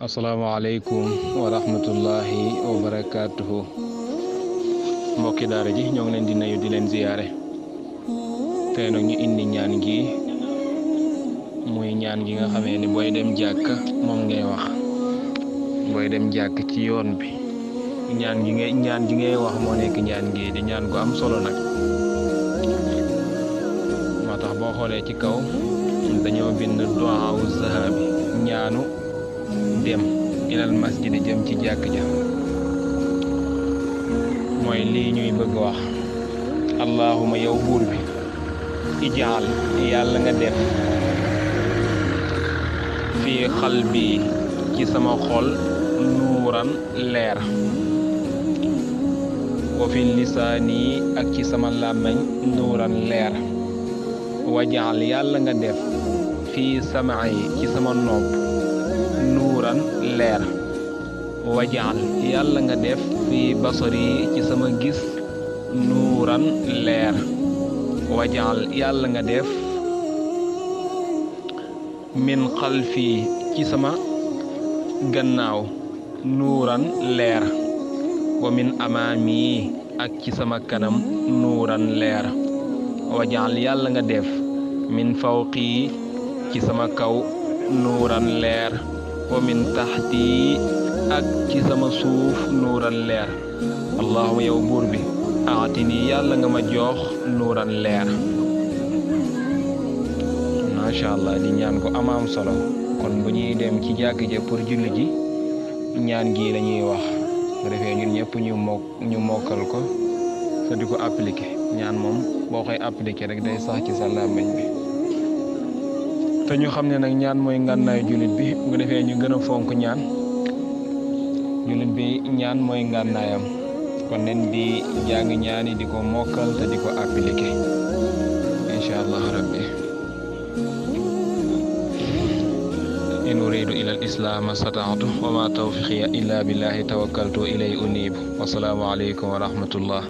asalaamaaleykum wa rahmatullahi wa barakaatuhu mbokki daara ji ñoo ngi leen di nuyu di leen ziyaare tey nag ñu indi ñaan gi muy ñaan gi nga xamee ni booy dem jàkk moom ngay wax booy dem jàkk ci yoon bi ñaan gi ngay ñaan gi ngay wax moo nekk ñaan gi di ñaan ko am solo nag moo tax boo xoolee ci kaw dañoo bind duwaawu zahabi ñaanu dem ilal masjid jëm ci jàkk ja mooy lii ñuy bëgg wax allahuma yow buur bi ijaal yàlla nga def fii xal bi ci sama xol nuuran leer wa fi lisaani ak ci sama làmmiñ nuuran leer wajaal yàlla nga def fii sama yi ci sama nopp Nuran leer wajal yalla nga def fi basari ci sama gis Nuran leer wajal yalla nga def min khalfi ci sama gannaaw nuran leer wa min kisama ak ci sama kanam nuran leer wajal yalla nga def min fawqi ci sama kaw nuran leer wa min taxti ak ci sama suuf nuran leer allah ya buur bi aati ni nga ma jox nuuran leer masha allah di ñaan ko solo kon bu ñuy dem ci jàkk ja pour julli ji ñaan gi la wax bu ñun ñëpp ñu mok ñu mokkal ko te di ko appliquer ñaan moom boo appliquer rek day sax ci bi té ñu xamné nak ñaan moy ngannaay julit bi bu défé ñu gëna fonk ñaan jullit bi ñaan moy ngannaayam kon nen di jang ñaani diko mokal té diko di ko appliqué rabbi in uridu ila al-islam sata'tu wa ma tawfiqi illa billahi tawakkaltu ilayhi unib wa assalamu alaykum wa rahmatullah